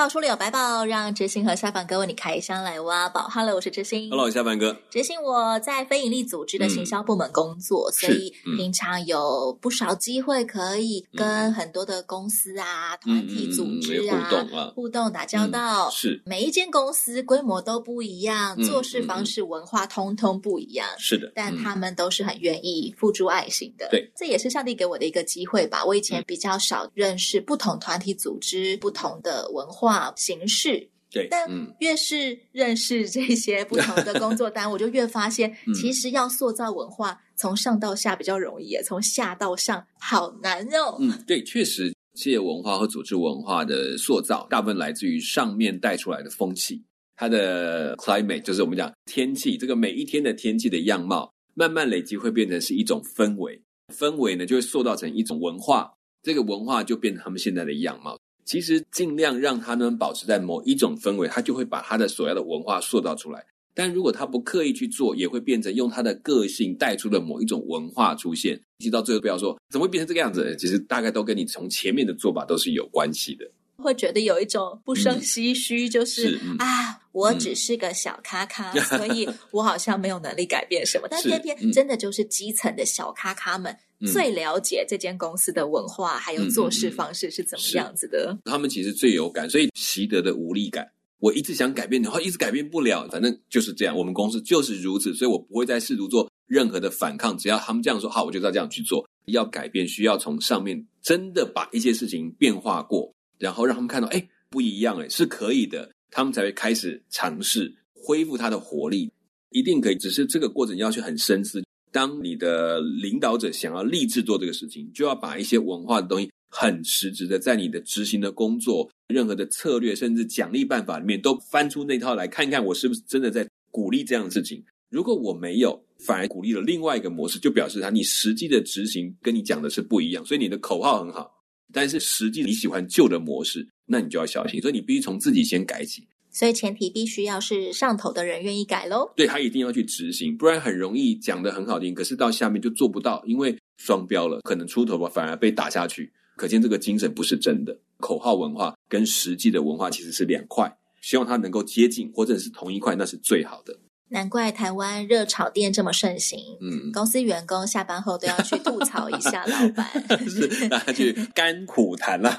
到處都有寶，讓哲心和下凡哥為你開箱來挖寶。Hello，我是哲心。Hello，下班哥。哲心，我在非營利組織的行銷部門工作，嗯嗯、所以平常有不少機會可以跟很多的公司啊、團、嗯、體組織啊、嗯、互動啊、互動打交道。嗯、是，每一間公司規模都不一樣，嗯、做事方式、文化通通不一樣。嗯、是的，但他們都是很願意付出愛心的。嗯、對，這也是上帝給我的一個機會吧。我以前比較少認識不同團體組織、不同的文化。形式，對，但越是認識這些不同的工作單，嗯、我就越發現，嗯、其實要塑造文化，從上到下比較容易，從下到上好難哦。嗯，對，確實，企業文化和組織文化的塑造，大部分來自於上面帶出來的風氣，它的 climate 就是我們講天氣，這個每一天的天氣的樣貌，慢慢累積會變成是一種氛圍，氛圍呢就會塑造成一種文化，這個文化就變成他們現在的樣貌。其實儘量讓他呢保持在某一種氛圍，他就會把他的所要的文化塑造出來。但如果他不刻意去做，也會變成用他的個性帶出了某一種文化出現。一直到最後不要說怎麼會變成這個樣子呢，其實大概都跟你從前面的做法都是有關係的。會覺得有一種不勝唏噓，嗯、就是，是、嗯、啊，我只是個小咖咖，嗯、所以我好像沒有能力改變什麼， 但偏偏真的就是基層的小咖咖們。最了解這間公司的文化還有做事方式是怎麼樣子的，嗯嗯嗯。他們其實最有感，所以習得的無力感，我一直想改變的話，一直改變不了，反正就是這樣。我們公司就是如此，所以我不會再試圖做任何的反抗。只要他們這樣說，好，我就知道這樣去做。要改變，需要從上面真的把一些事情變化過，然後讓他們看到，哎，不一樣，欸，哎，是可以的，他們才會開始嘗試恢復它的活力，一定可以。只是這個過程要去很深思。當你的領導者想要立志做這個事情，就要把一些文化的東西很實質的在你的執行的工作、任何的策略甚至獎勵辦法裡面都翻出那套來看一看，我是不是真的在鼓勵這樣的事情？如果我沒有，反而鼓勵了另外一個模式，就表示他你實際的執行跟你講的是不一樣。所以你的口號很好，但是實際你喜歡舊的模式，那你就要小心。所以你必須從自己先改起。所以前提必須要是上頭的人願意改嘍，對，他一定要去執行，不然很容易講得很好聽，可是到下面就做不到，因為雙標了，可能出頭吧，反而被打下去，可見這個精神不是真的，口號文化跟實際的文化其實是兩塊，希望他能夠接近或者是同一塊，那是最好的。難怪台灣熱炒店這麼盛行。嗯，公司員工下班後都要去吐槽一下老闆， 是讓他去甘苦談啦。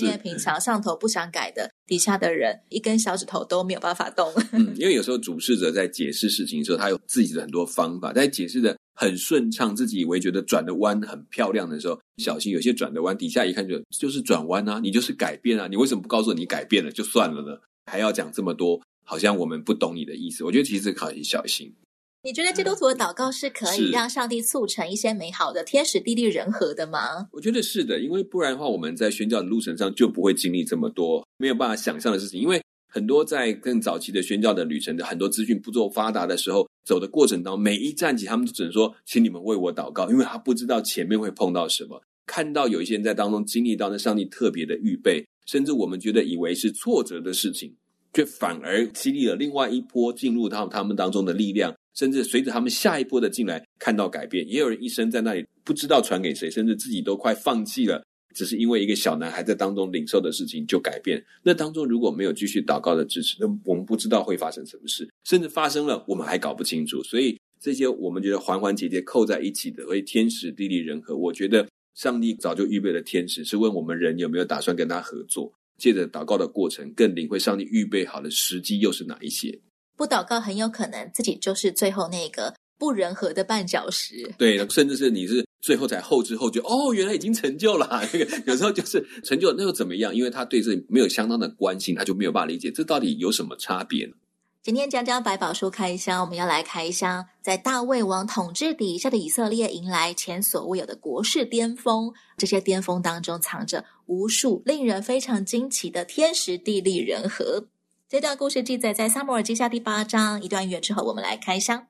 因為平常上頭不想改的，底下的人一根小指頭都沒有辦法動。嗯，因為有時候主事者在解釋事情的時候，他有自己的很多方法，在解釋的很順暢，自己以為覺得轉的彎很漂亮的時候，小心有些轉的彎底下一看就就是轉彎啊，你就是改變啊，你為什麼不告訴你改變了就算了呢？還要講這麼多？好像我們不懂你的意思，我覺得其實可以小心。你覺得基督徒的禱告是可以讓上帝促成一些美好的天時地利人和的嗎？我覺得是的，因為不然的話，我們在宣教的路程上就不會經歷這麼多沒有辦法想象的事情。因為很多在更早期的宣教的旅程的很多資訊不做發達的時候，走的過程當中，每一站起，他們都只能說：“請你們為我禱告。”因為他不知道前面會碰到什麼。看到有一些人在當中經歷到那上帝特別的預備，甚至我們覺得以為是挫折的事情。卻反而激勵了另外一波進入到他們當中的力量，甚至隨着他們下一波的進來，看到改變。也有人一生在那裡不知道傳給誰，甚至自己都快放棄了，只是因為一個小男孩在當中領受的事情就改變。那當中如果沒有繼續禱告的支持，那我們不知道會發生什麼事，甚至發生了我們還搞不清楚。所以這些我們覺得環環節節扣在一起的，所以天時地利人和，我覺得上帝早就預備了天時，是問我們人有沒有打算跟他合作。借着禱告的過程，更領會上帝預備好的時機又是哪一些？不禱告很有可能，自己就是最後那個不人和的絆腳石。對，甚至是你是最後才後知後覺，哦，原來已經成就了。這、那個有時候就是 成就，那又怎麼樣？因為他對這沒有相當的關心，他就沒有辦法理解，這到底有什麼差別呢？今天講講《百寶書》開箱，我們要來開箱。在大衛王統治底下的以色列，迎來前所未有的國勢巔峰。這些巔峰當中，藏着無數令人非常驚奇的天時、地利、人和。這段故事記載在撒母耳記下第八章，一段閱讀之後，我們來開箱。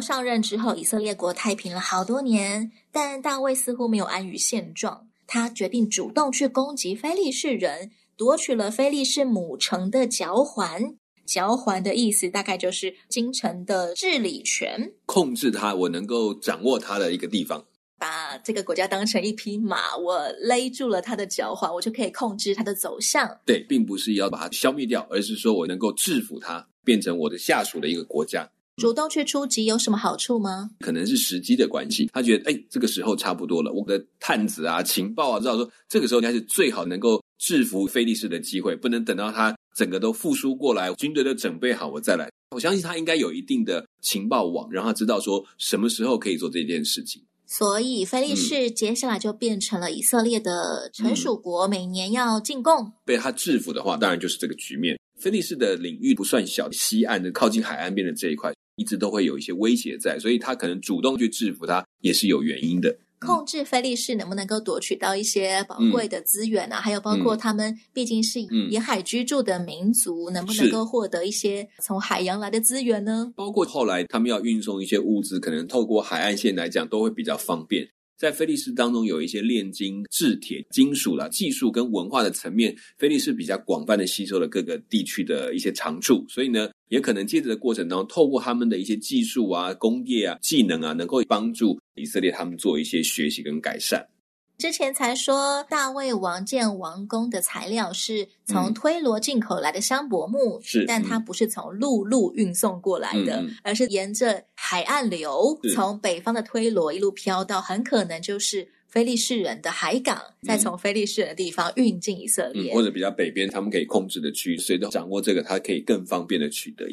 上任之後，以色列國太平了好多年，但大衛似乎沒有安於現狀。他決定主動去攻擊非利士人，奪取了非利士母城的嚼環。嚼環的意思大概就是京城的治理權，控制它，我能夠掌握它的一個地方。把這個國家當成一匹馬，我勒住了它的嚼環，我就可以控制它的走向。對，並不是要把它消滅掉，而是說我能夠制服它，變成我的下屬的一個國家。主動去出擊有什麼好處嗎？可能是時機的關係，他覺得哎，這個時候差不多了。我的探子啊、情報啊，知道說這個時候應該是最好能夠制服菲利士的機會，不能等到他整個都復甦過來，軍隊都準備好我再來。我相信他應該有一定的情報網，然後他知道說什麼時候可以做這件事情。所以，菲利士接下來就變成了以色列的臣屬國，每年要進貢。嗯。嗯。被他制服的話，當然就是這個局面。菲利士的領域不算小，西岸的靠近海岸邊的這一塊。一直都會有一些威脅在，所以他可能主動去制服他也是有原因的。控制菲利士能不能夠奪取到一些寶貴的資源啊？嗯、還有包括他們畢竟是沿海居住的民族，嗯、能不能夠獲得一些從海洋來的資源呢？包括後來他們要運送一些物資，可能透過海岸線來講都會比較方便。在菲利士當中，有一些煉金、制鐵、金屬啦、啊，技術跟文化的層面，菲利士比較廣泛的吸收了各個地區的一些長處，所以呢。也可能接着的過程當中，透過他們的一些技術啊、工業啊、技能啊，能夠幫助以色列他們做一些學習跟改善。之前才說大衛王建王宮的材料是從推羅進口來的香柏木，是，但它不是從陸路運送過來的，是而是沿着海岸流，是從北方的推羅一路飄到，很可能就是。非利士人的海港，再從非利士人的地方運進以色列、嗯，或者比較北邊他們可以控制的區域，所以都掌握這個，他可以更方便的取得。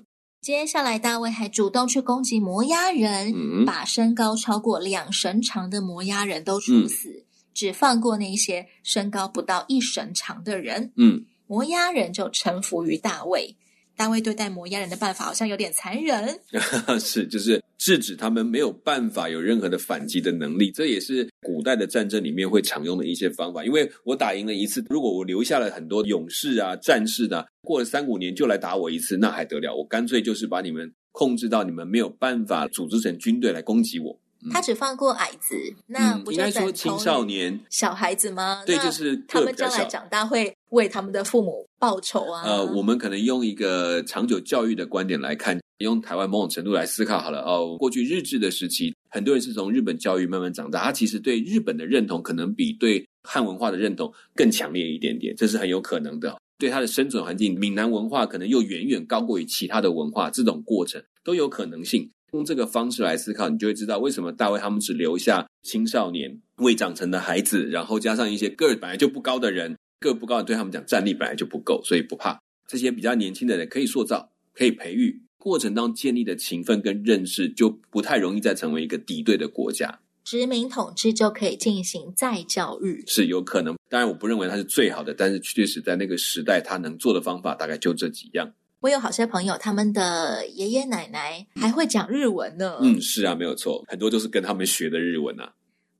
接下來，大衛還主動去攻擊摩押人，嗯、把身高超過兩繩長的摩押人都處死，嗯、只放過那些身高不到一繩長的人。嗯，摩押人就臣服於大衛。大衛對待摩押人的辦法好像有點殘忍。 是，就是。制止他們沒有辦法有任何的反擊的能力，這也是古代的戰爭裡面會常用的一些方法。因為我打贏了一次，如果我留下了很多勇士啊、戰士啊，過了三五年就來打我一次，那還得了？我乾脆就是把你們控制到你們沒有辦法組織成軍隊來攻擊我。嗯、他只放過矮子，那不就是、嗯、應該說青少年、小孩子嗎？對，就是他們將來長大會為他們的父母報仇啊！呃，我們可能用一個長久教育的觀點來看，用台灣某種程度來思考好了。哦，過去日治的時期，很多人是從日本教育慢慢長大，他其實對日本的認同可能比對漢文化的認同更強烈一點點，這是很有可能的。對他的生存環境，閩南文化可能又遠遠高過於其他的文化，這種過程都有可能性。用這個方式來思考，你就會知道為什麼大衛他們只留下青少年、未長成的孩子，然後加上一些個子本來就不高的人，個子不高的對他們講戰力本來就不夠，所以不怕。這些比較年輕的人可以塑造、可以培育，過程當中建立的勤奮跟認識就不太容易再成為一個敵對的國家。殖民統治就可以進行再教育，是有可能。當然，我不認為它是最好的，但是確實在那個時代，他能做的方法大概就這幾樣。我有好些朋友，他們的爺爺奶奶還會講日文呢。嗯，嗯，是啊，沒有錯，很多都是跟他們學的日文吶、啊。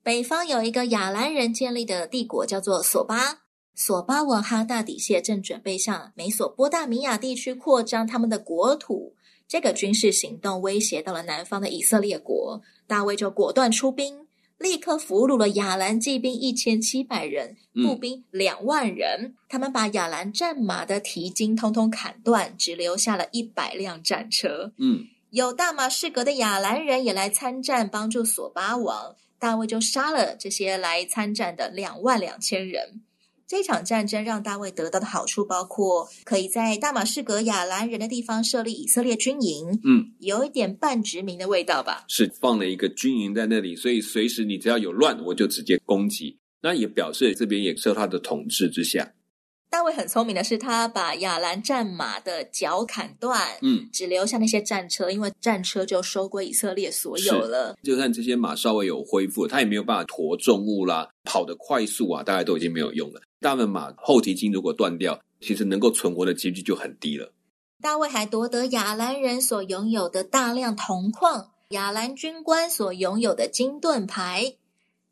北方有一個亞蘭人建立的帝國，叫做索巴。索巴王哈大底謝正準備向美索不大米亞地區擴張他們的國土，這個軍事行動威脅到了南方的以色列國，大衛就果斷出兵。立刻俘虜了亞蘭騎兵一千七百人，步兵兩萬人。嗯，他們把亞蘭戰馬的蹄筋通通砍斷，只留下了一百輛戰車。嗯，有大馬士革的亞蘭人也來參戰，幫助索巴王。大衛就殺了這些來參戰的兩萬兩千人。這場戰爭讓大衛得到的好處包括可以在大馬士革亞蘭人的地方設立以色列軍營，嗯，有一點半殖民的味道吧？是放了一個軍營在那裡，所以隨時你只要有亂，我就直接攻擊。那也表示這邊也受他的統治之下。大衛很聰明的是，他把亞蘭戰馬的腳砍斷，嗯，只留下那些戰車，因為戰車就收歸以色列所有了。就算這些馬稍微有恢復，他也沒有辦法馱重物啦，跑得快速啊，大概都已經沒有用了。大衛馬後蹄筋如果斷掉，其實能夠存活的幾率就很低了。大衛還奪得亞蘭人所擁有的大量銅礦，亞蘭軍官所擁有的金盾牌。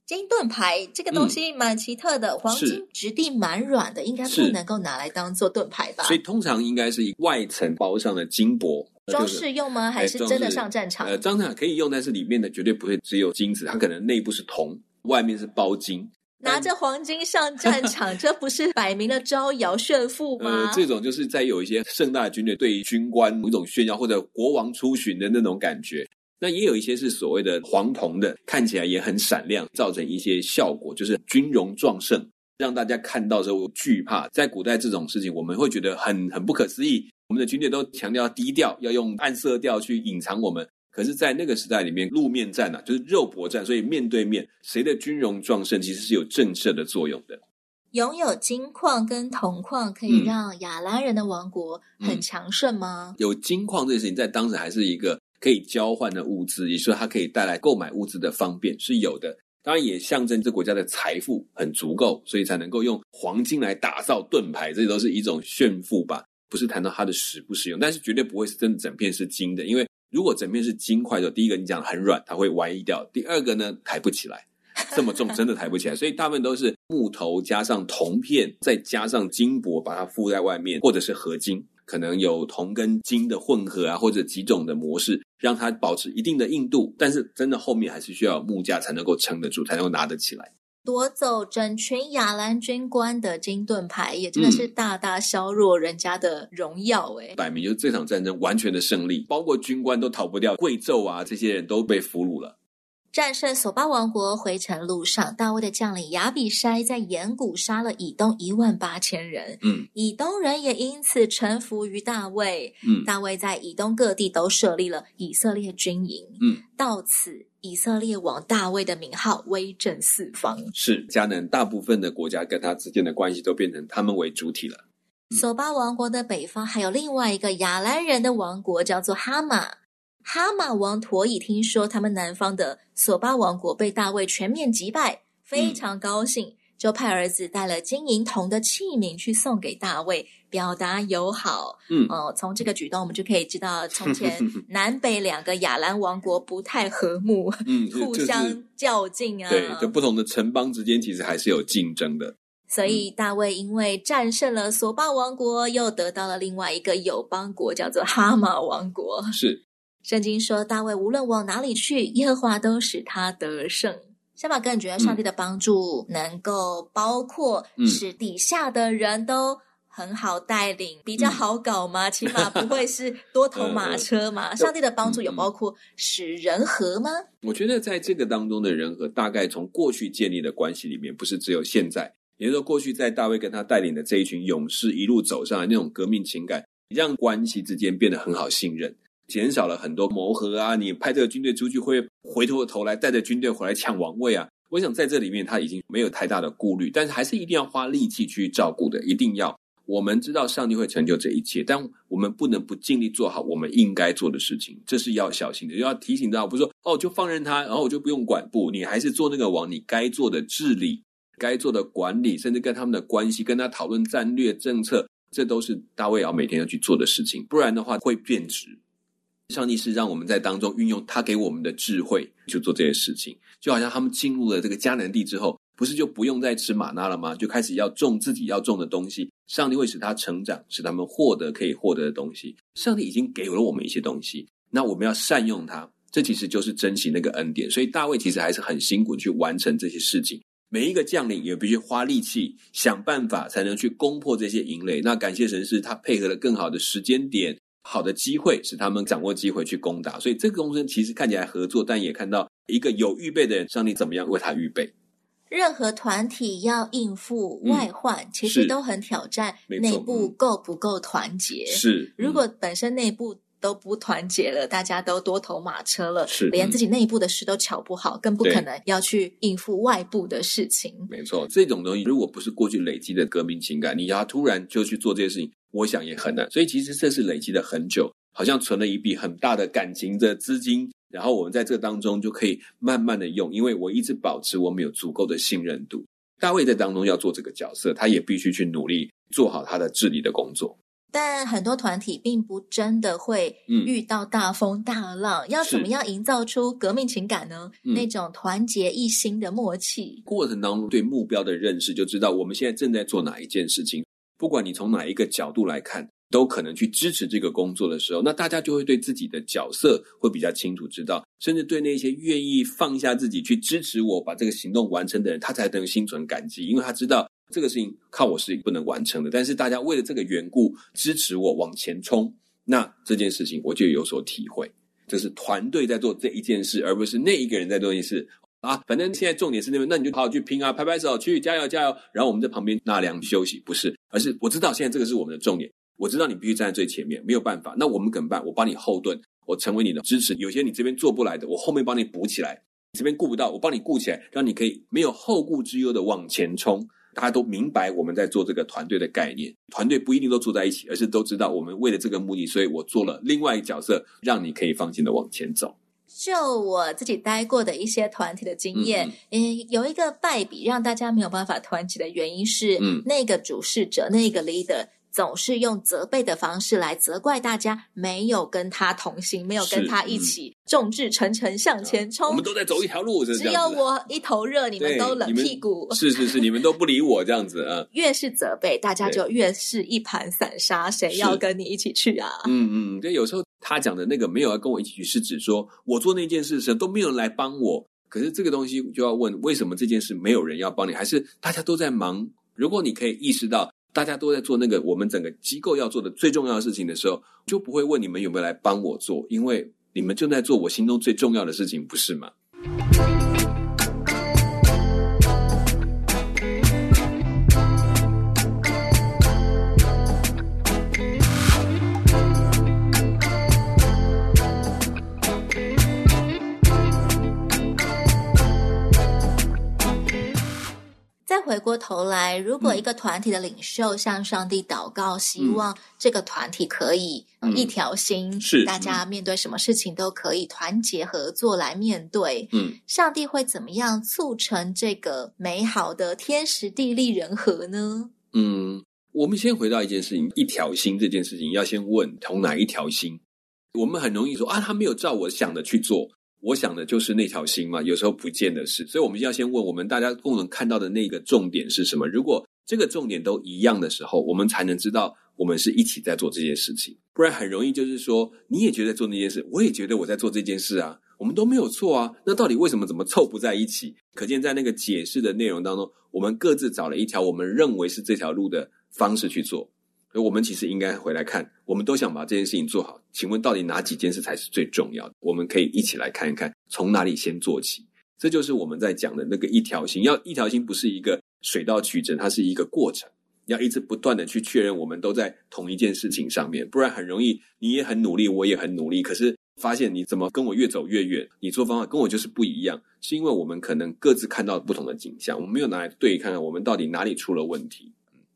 金盾牌這個東西蠻奇特的，嗯、黃金質地蠻軟的，是應該不能夠拿來當做盾牌吧？所以通常應該是以外層包上的金箔裝飾用嗎？還是真的上戰場？裝呃，戰場可以用，但是裡面的絕對不會只有金子，嗯、它可能內部是銅，外面是包金。拿着黃金上戰場，這不是擺明了招搖炫富嗎？嗯，呃，這種就是在有一些盛大的軍隊，對於軍官某種炫耀，或者國王出巡的那種感覺。那也有一些是所謂的黃銅的，看起來也很閃亮，造成一些效果，就是軍容壯盛，讓大家看到之後懼怕。在古代這種事情，我們會覺得很很不可思議。我們的軍隊都強調低調，要用暗色調去隱藏我們。可是，在那個時代裡面，路面戰啊，就是肉搏戰，所以面對面誰的軍容壯盛，其實是有震懾的作用的。擁有金礦跟銅礦，可以讓亞拉人的王國很強盛嗎？嗯、有金礦這件事情，在當時還是一個可以交換的物資，也就是說，它可以帶來購買物資的方便是有的。當然，也象徵這國家的財富很足夠，所以才能夠用黃金來打造盾牌，這都是一種炫富吧？不是談到它的實不實用，但是絕對不會是真的整片是金的，因為。如果整片是金塊的，第一個你講很軟，它會歪掉；第二個呢，抬不起來，這麼重真的抬不起來。所以大部分都是木頭加上銅片，再加上金箔把它附在外面，或者是合金，可能有銅跟金的混合啊，或者幾種的模式，讓它保持一定的硬度。但是真的後面還是需要木架才能夠撐得住，才能夠拿得起來。奪走整群亞蘭軍官的金盾牌，也真的是大大削弱人家的榮耀。哎、嗯，擺明就這場戰爭完全的勝利，包括軍官都逃不掉，貴冑啊，這些人都被俘虜了。戰勝索巴王國回城路上，大衛的將領亞比篩在鹽谷殺了以東一萬八千人。嗯，以東人也因此臣服於大衛。嗯，大衛在以東各地都設立了以色列軍營。嗯，到此。以色列王大衛的名號威震四方，是迦南大部分的國家跟他之間的關係都變成他們為主體了。嗯、索巴王國的北方還有另外一個亞蘭人的王國叫做哈馬，哈馬王陀以聽說他們南方的索巴王國被大衛全面擊敗，非常高興。嗯就派兒子帶了金銀銅的器皿去送給大衛，表達友好。嗯，哦、呃，從這個舉動，我們就可以知道，從前南北兩個亞蘭王國不太和睦，嗯，互相較勁啊、就是。對，就不同的城邦之間，其實還是有競爭的。所以大衛因為戰勝了索巴王國，又得到了另外一個友邦國，叫做哈馬王國。是，聖經說，大衛無論往哪裡去，耶和華都使他得勝。小馬哥，你覺得上帝的幫助能夠包括使底下的人都很好帶領，嗯、比較好搞嘛？嗯、起碼不會是多頭馬車嘛？ 嗯、上帝的幫助有包括使人和嗎？我覺得在這個當中的人和，大概從過去建立的關係裡面，不是只有現在。也就是說，過去在大衛跟他帶領的這一群勇士一路走上來，那種革命情感，讓關係之間變得很好信任。減少了很多磨合啊！你派這個軍隊出去，會回過頭來帶着軍隊回來搶王位啊！我想在這裡面他已經沒有太大的顧慮，但是還是一定要花力氣去照顧的，一定要。我們知道上帝會成就這一切，但我們不能不盡力做好我們應該做的事情，這是要小心的，要提醒到，不是說哦就放任他，然後我就不用管，不，你還是做那個王，你該做的治理、該做的管理，甚至跟他們的關係、跟他討論戰略政策，這都是大衛要每天要去做的事情，不然的話會變質。上帝是讓我們在當中運用他給我們的智慧，去做這些事情。就好像他們進入了這個迦南地之後，不是就不用再吃嗎哪了嗎？就開始要種自己要種的東西。上帝會使他成長，使他們獲得可以獲得的東西。上帝已經給了我們一些東西，那我們要善用它。這其實就是珍惜那個恩典。所以大衛其實還是很辛苦去完成這些事情。每一個將領也必須花力氣想辦法才能去攻破這些營壘。那感謝神是他配合了更好的時間點。好的機會，使他們掌握機會去攻打。所以這個公司其實看起來合作，但也看到一個有預備的人，讓你怎麼樣為他預備。任何團體要應付外患，其實、嗯、都很挑戰內部夠不夠團結。是，嗯、如果本身內部都不團結了，大家都多頭馬車了，是，嗯、連自己內部的事都瞧不好，更不可能要去應付外部的事情。沒錯，這種東西如果不是過去累積的革命情感，你要突然就去做這些事情。我想也很難，所以其實這是累積了很久，好像存了一筆很大的感情的資金，然後我們在這當中就可以慢慢的用，因為我一直保持我們有足夠的信任度。大衛在當中要做這個角色，他也必須去努力做好他的治理的工作。但很多團體並不真的會遇到大風大浪，嗯、要怎麼樣營造出革命情感呢？嗯、那種團結一心的默契，過程當中對目標的認識，就知道我們現在正在做哪一件事情。不管你從哪一個角度來看，都可能去支持這個工作的時候，那大家就會對自己的角色會比較清楚知道，甚至對那些願意放下自己去支持我把這個行動完成的人，他才能心存感激，因為他知道這個事情靠我是不能完成的。但是大家為了這個緣故支持我往前衝，那這件事情我就有所體會，就是團隊在做這一件事，而不是那一個人在做一件事。啊，反正現在重點是那邊，那你就好好去拼啊，拍拍手去，去加油加油。然後我們在旁邊納涼休息，不是，而是我知道現在這個是我們的重點，我知道你必須站在最前面，沒有辦法。那我們怎麼辦？我幫你後盾，我成為你的支持。有些你這邊做不來的，我後面幫你補起來。這邊顧不到，我幫你顧起來，讓你可以沒有後顧之憂的往前衝。大家都明白我們在做這個團隊的概念，團隊不一定都坐在一起，而是都知道我們為了這個目的，所以我做了另外一個角色，讓你可以放心的往前走。就我自己待過的一些團體的經驗，嗯，有一個敗筆讓大家沒有辦法團結的原因是，嗯，那個主事者、那個 leader 總是用責備的方式來責怪大家沒有跟他同行，是沒有跟他一起眾志成城向前衝、嗯啊。我們都在走一條路是，只有我一頭熱，你們都冷屁股。是是是，你們都不理我這樣子啊！嗯、越是責備，大家就越是一盤散沙，對誰要跟你一起去啊？嗯嗯，對、嗯，就有時候。他講的那個沒有要跟我一起去是指說我做那件事的時候都沒有人來幫我。可是這個東西就要問，為什麼這件事沒有人要幫你？還是大家都在忙？如果你可以意識到大家都在做那個我們整個機構要做的最重要的事情的時候，就不會問你們有沒有來幫我做，因為你們正在做我心中最重要的事情，不是嗎？回過頭來，如果一個團體的領袖向上帝禱告，嗯、希望這個團體可以、嗯、一條心，是大家面對什麼事情都可以團結合作來面對，嗯，上帝會怎麼樣促成這個美好的天時地利人和呢？嗯，我們先回到一件事情，一條心這件事情要先問同哪一條心，我們很容易說啊，他沒有照我想的去做。我想的就是那條心嘛，有時候不見得是，所以我們就要先問我們大家共同看到的那個重點是什麼。如果這個重點都一樣的時候，我們才能知道我們是一起在做這件事情，不然很容易就是說你也覺得在做那件事，我也覺得我在做這件事啊，我們都沒有錯啊。那到底為什麼怎麼湊不在一起？可見在那個解釋的內容當中，我們各自找了一條我們認為是這條路的方式去做。所以我們其實應該回來看，我們都想把這件事情做好。請問到底哪幾件事才是最重要的？我們可以一起來看一看，從哪裡先做起。這就是我們在講的那個一條心。要一條心，不是一個水到渠成，它是一個過程。要一直不斷的去確認，我們都在同一件事情上面，不然很容易。你也很努力，我也很努力，可是發現你怎麼跟我越走越遠？你做方法跟我就是不一樣，是因為我們可能各自看到不同的景象，我們沒有拿來對看看，我們到底哪裡出了問題。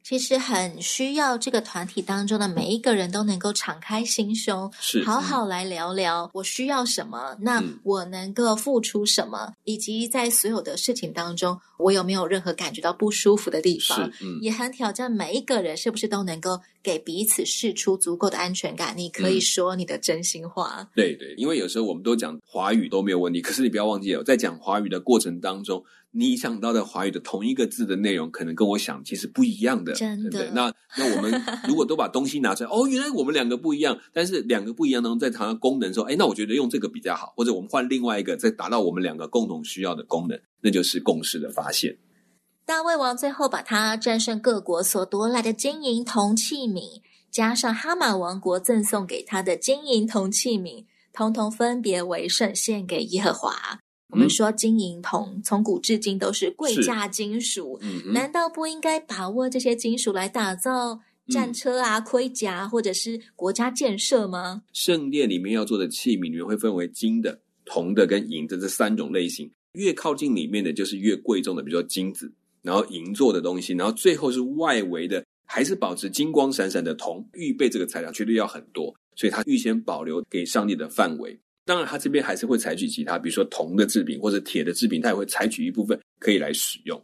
其實很需要這個團體當中的每一個人都能夠敞開心胸，嗯、好好來聊聊我需要什麼，那我能夠付出什麼，嗯、以及在所有的事情當中，我有沒有任何感覺到不舒服的地方？嗯、也很挑戰每一個人是不是都能夠。給彼此釋出足夠的安全感，你可以說你的真心話。嗯。對對，因為有時候我們都講華語都沒有問題，可是你不要忘記哦，在講華語的過程當中，你想到的華語的同一個字的內容，可能跟我想其實不一樣的，真的，對不對？那那我們如果都把東西拿出來， 哦，原來我們兩個不一樣，但是兩個不一樣當中，在談到功能的時候，哎，那我覺得用這個比較好，或者我們換另外一個，再達到我們兩個共同需要的功能，那就是共識的發現。大衛王最後把他戰勝各國所奪來的金銀銅器皿，加上哈馬王國贈送給他的金銀銅器皿，統統分別為聖，獻給耶和華。我們說金銀銅，從古至今都是貴價金屬，嗯嗯難道不應該把握這些金屬來打造戰車啊、嗯、盔甲，或者是國家建設嗎？聖殿裡面要做的器皿，裡面會分為金的、銅的跟銀的這三種類型。越靠近裡面的就是越貴重的，比如說金子。然後銀做的東西，然後最後是外圍的，還是保持金光閃閃的銅，預備這個材料絕對要很多，所以它預先保留給上帝的範圍。當然，它這邊還是會採取其他，比如說銅的制品或者鐵的制品，它也會採取一部分可以來使用。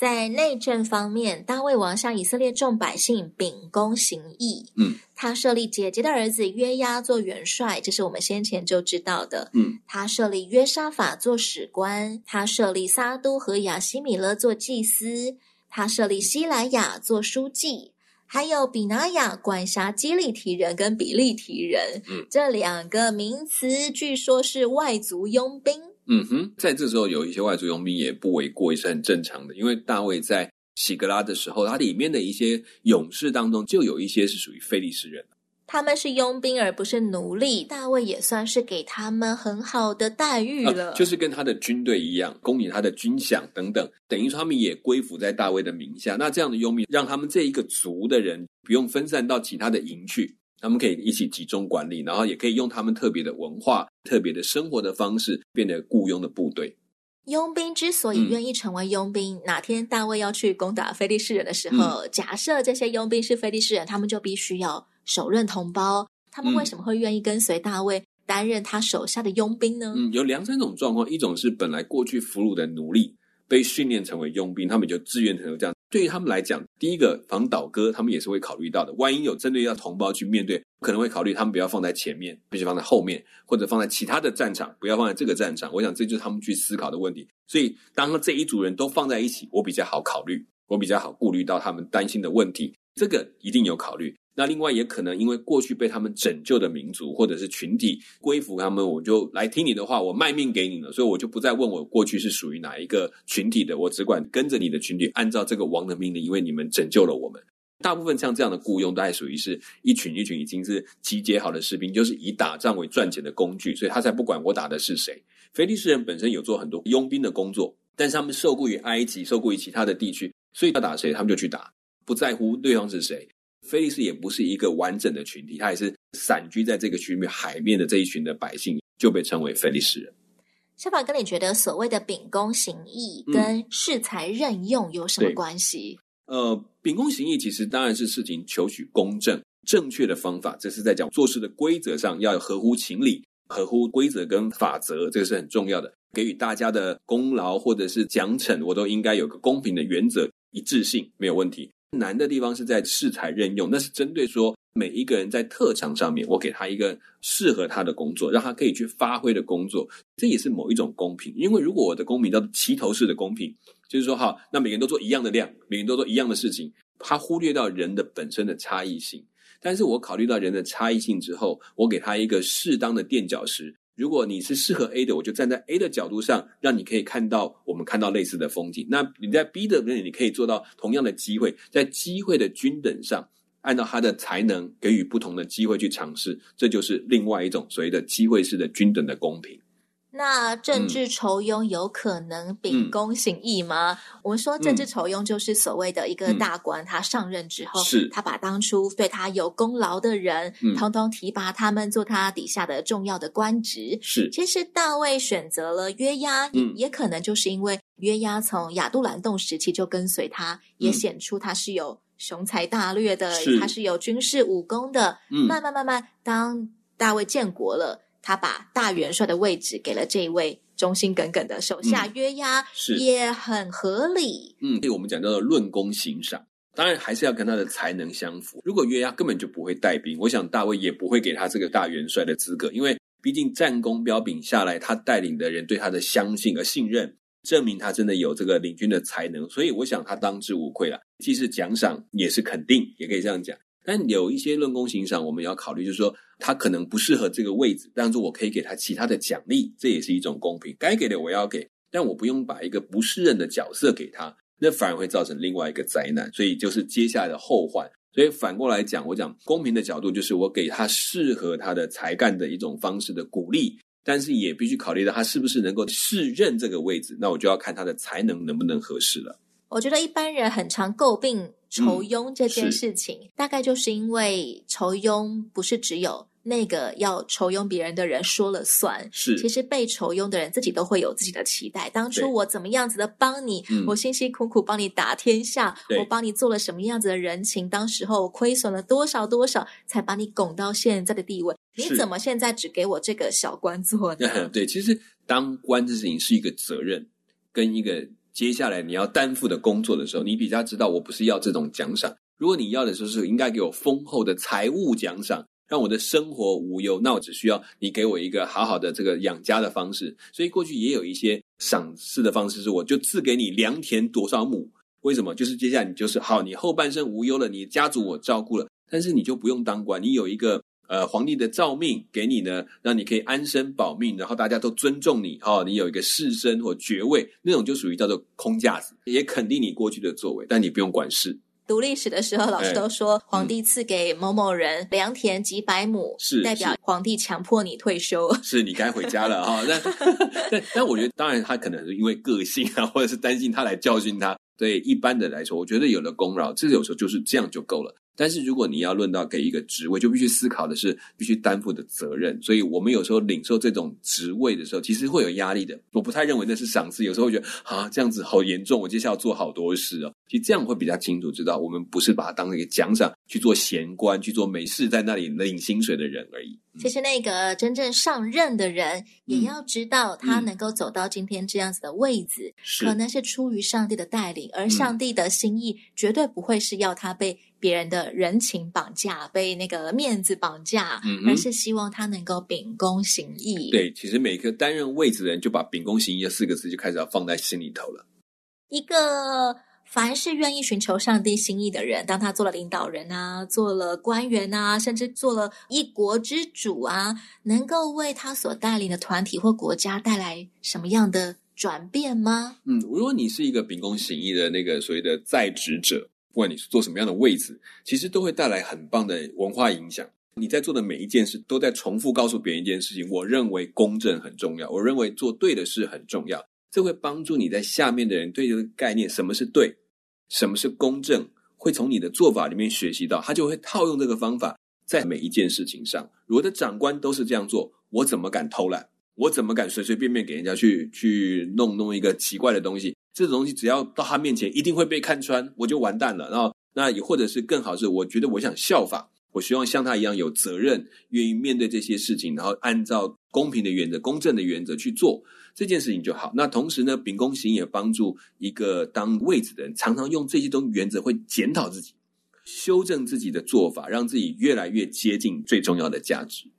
在內政方面，大衛王向以色列眾百姓秉公行義。嗯，他設立姐姐的兒子約押做元帥，這是我們先前就知道的。嗯，他設立約沙法做史官，他設立撒督和亞希米勒做祭司，他設立西萊雅做書記，還有比拿雅管轄基利提人跟比利提人。嗯，這兩個名詞據說是外族傭兵。嗯哼，在這時候有一些外族傭兵也不為過，也是很正常的。因為大衛在洗革拉的時候，他裡面的一些勇士當中就有一些是屬於非利士人。他們是傭兵而不是奴隸。大衛也算是給他們很好的待遇了，啊、就是跟他的軍隊一樣，供應他的軍餉等等，等於說他們也歸附在大衛的名下。那這樣的傭兵讓他們這一個族的人不用分散到其他的營去。他們可以一起集中管理，然後也可以用他們特別的文化、特別的生活的方式，變得僱傭的部隊。傭兵之所以、嗯、願意成為傭兵，哪天大衛要去攻打非利士人的時候，嗯、假設這些傭兵是非利士人，他們就必須要手刃同胞。他們為什麼會願意跟隨大衛擔任他手下的傭兵呢？嗯，有兩三種狀況，一種是本來過去俘虜的奴隸被訓練成為傭兵，他們就自願成為這樣。對於他們來講，第一個防倒戈，他們也是會考慮到的。萬一有針對要同胞去面對，可能會考慮他們不要放在前面，必須放在後面，或者放在其他的戰場，不要放在這個戰場。我想這就是他們去思考的問題。所以，當這一組人都放在一起，我比較好考慮，我比較好顧慮到他們擔心的問題，這個一定有考慮。那另外也可能因為過去被他們拯救的民族或者是群體歸服他們，我就來聽你的話，我賣命給你了，所以我就不再問我過去是屬於哪一個群體的，我只管跟着你的群體，按照這個王的命令，因為你們拯救了我們。大部分像這樣的雇傭，都還屬於是一群一群已經是集結好的士兵，就是以打仗為賺錢的工具，所以他才不管我打的是誰。非利士人本身有做很多傭兵的工作，但是他們受雇於埃及，受雇於其他的地區，所以要打誰，他們就去打，不在乎對方是誰。非利士也不是一個完整的群體，他也是散居在這個區域海面的這一群的百姓，就被稱為非利士人。小寶哥，你覺得所謂的秉公行義跟適才任用有什麼關係？嗯，呃，秉公行義其實當然是事情求取公正、正確的方法，這是在講做事的規則上要合乎情理、合乎規則跟法則，這個是很重要的。給予大家的功勞或者是獎懲，我都應該有個公平的原則，一致性沒有問題。難的地方是在適才任用，那是針對說每一個人在特長上面，我給他一個適合他的工作，讓他可以去發揮的工作，這也是某一種公平。因為如果我的公平叫齊頭式的公平，就是說哈，那每個人都做一樣的量，每個人都做一樣的事情，他忽略到人的本身的差異性。但是我考慮到人的差異性之後，我給他一個適當的墊腳石。如果你是適合 A 的，我就站在 A 的角度上，讓你可以看到我們看到類似的風景。那你在 B 的那裡，你可以做到同樣的機會，在機會的均等上，按照他的才能給予不同的機會去嘗試，這就是另外一種所謂的機會式的均等的公平。那政治酬庸有可能秉公行義嗎？嗯、我們說政治酬庸就是所謂的一個大官，嗯、他上任之後，是他把當初對他有功勞的人，嗯、通統統提拔他們做他底下的重要的官職。是，其實大衛選擇了約押、嗯，也可能就是因為約押從亞杜蘭洞時期就跟隨他，嗯、也顯出他是有雄才大略的，是他是有軍事武功的。嗯、慢慢慢慢，當大衛建國了。他把大元帥的位置給了這一位忠心耿耿的手下、嗯、約押，也很合理。嗯，所以我們講叫做論功行賞，當然還是要跟他的才能相符。如果約押根本就不會帶兵，我想大衛也不會給他這個大元帥的資格，因為畢竟戰功彪炳下來，他帶領的人對他的相信和信任，證明他真的有這個領軍的才能。所以我想他當之無愧了，既是獎賞，也是肯定，也可以這樣講。但有一些論功行賞，我們要考慮，就是說他可能不適合這個位置，但是我可以給他其他的獎勵，這也是一種公平。該給的我要給，但我不用把一個不適任的角色給他，那反而會造成另外一個災難，所以就是接下來的後患。所以反過來講，我講公平的角度，就是我給他適合他的才幹的一種方式的鼓勵，但是也必須考慮到他是不是能夠適任這個位置，那我就要看他的才能能不能合適了。我覺得一般人很常詬病。酬庸這件事情，嗯、大概就是因為酬庸，不是只有那個要酬庸別人的人說了算，是其實被酬庸的人自己都會有自己的期待。當初我怎麼樣子的幫你，對我辛辛苦苦幫你打天下，嗯、我幫你做了什麼樣子的人情，對當時候虧損了多少多少，才把你拱到現在的地位，是你怎麼現在只給我這個小官做呢？ 對，其實當官這件事情是一個責任跟一個。接下來你要擔負的工作的時候，你比較知道我不是要這種獎賞。如果你要的就是應該給我豐厚的財物獎賞，讓我的生活無憂，那我只需要你給我一個好好的這個養家的方式。所以過去也有一些賞賜的方式，是我就賜給你良田多少畝。為什麼？就是接下來你就是好，你後半生無憂了，你家族我照顧了，但是你就不用當官，你有一個。呃，皇帝的詔命給你呢，讓你可以安身保命，然後大家都尊重你，哦。你有一個士紳或爵位，那種就屬於叫做空架子，也肯定你過去的作為，但你不用管事。讀歷史的時候，老師都說、嗯、皇帝賜給某某人良田幾百畝，是代表皇帝強迫你退休，是，是你該回家了，哈、哦。那那 我覺得，當然他可能是因為個性啊，或者是擔心他來教訓他。對一般的來說，我覺得有了功勞，這有時候就是這樣就夠了。但是如果你要論到給一個職位，就必須思考的是必須擔負的責任。所以，我們有時候領受這種職位的時候，其實會有壓力的。我不太認為那是賞賜，有時候會覺得啊，這樣子好嚴重，我接下來要做好多事哦，其實這樣會比較清楚，知道我們不是把它當成一個獎賞。去做閒官，去做沒事在那裡領薪水的人而已。嗯、其實那個真正上任的人，也要知道他能夠走到今天這樣子的位置，嗯、可能是出於上帝的帶領，而上帝的心意絕對不會是要他被別人的人情綁架，嗯、被那個面子綁架，嗯嗯，而是希望他能夠秉公行義。嗯、對，其實每個擔任位置的人，就把“秉公行義”這四個字就開始要放在心裡頭了。一個。凡是願意尋求上帝心意的人，當他做了領導人啊，做了官員啊，甚至做了一國之主啊，能夠為他所帶領的團體或國家帶來什麼樣的轉變嗎？嗯，如果你是一個秉公行義的那個所謂的在職者，不管你是做什麼樣的位置，其實都會帶來很棒的文化影響。你在做的每一件事，都在重複告訴別人一件事情，我認為公正很重要，我認為做對的事很重要。這會幫助你在下面的人對這個概念，什麼是對，什麼是公正，會從你的做法裡面學習到。他就會套用這個方法，在每一件事情上。我的長官都是這樣做，我怎麼敢偷懶？我怎麼敢隨隨便便給人家去去弄弄一個奇怪的東西？這種東西只要到他面前，一定會被看穿，我就完蛋了。然後，那也或者是更好是，我覺得我想效仿，我希望像他一樣有責任，願意面對這些事情，然後按照公平的原則、公正的原則去做。這件事情就好。那同時呢，秉公行也幫助一個當位置的人，常常用這些東西原則，會檢討自己，修正自己的做法，讓自己越來越接近最重要的價值。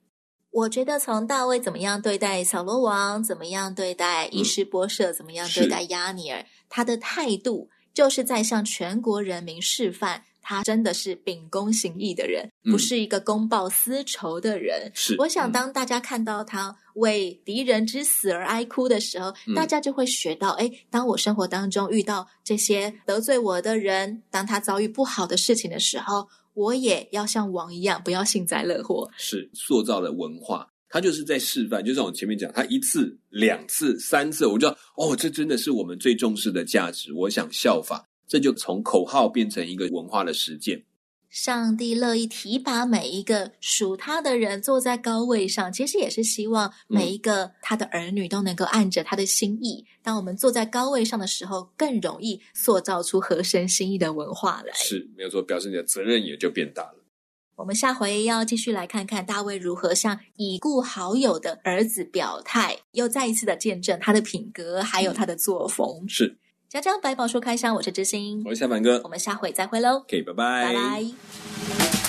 我覺得從大衛怎麼樣對待掃羅王，怎麼樣對待伊施波設，嗯、怎麼樣對待押尼珥，是他的態度就是在向全國人民示範。他真的是秉公行義的人，嗯、不是一個公報私仇的人。是，嗯、我想當大家看到他為敵人之死而哀哭的時候，嗯、大家就會學到：哎，當我生活當中遇到這些得罪我的人，當他遭遇不好的事情的時候，我也要像王一樣，不要幸災樂禍。是，塑造了文化，他就是在示範。就像我前面講，他一次、兩次、三次，我就得哦，這真的是我們最重視的價值，我想效法。這就從口號變成一個文化的實踐。上帝樂意提拔每一個屬他的人坐在高位上，其實也是希望每一個他的兒女都能夠按着他的心意。嗯，當我們坐在高位上的時候，更容易塑造出合身心意的文化來。是沒有錯，表示你的責任也就變大了。我們下回要繼續來看看大衛如何向已故好友的兒子表態，又再一次的見證他的品格，還有他的作風。嗯，是。家家百寶書開箱，我是知心，我是夏凡哥，我們下回再會嘍。OK，拜拜，拜拜。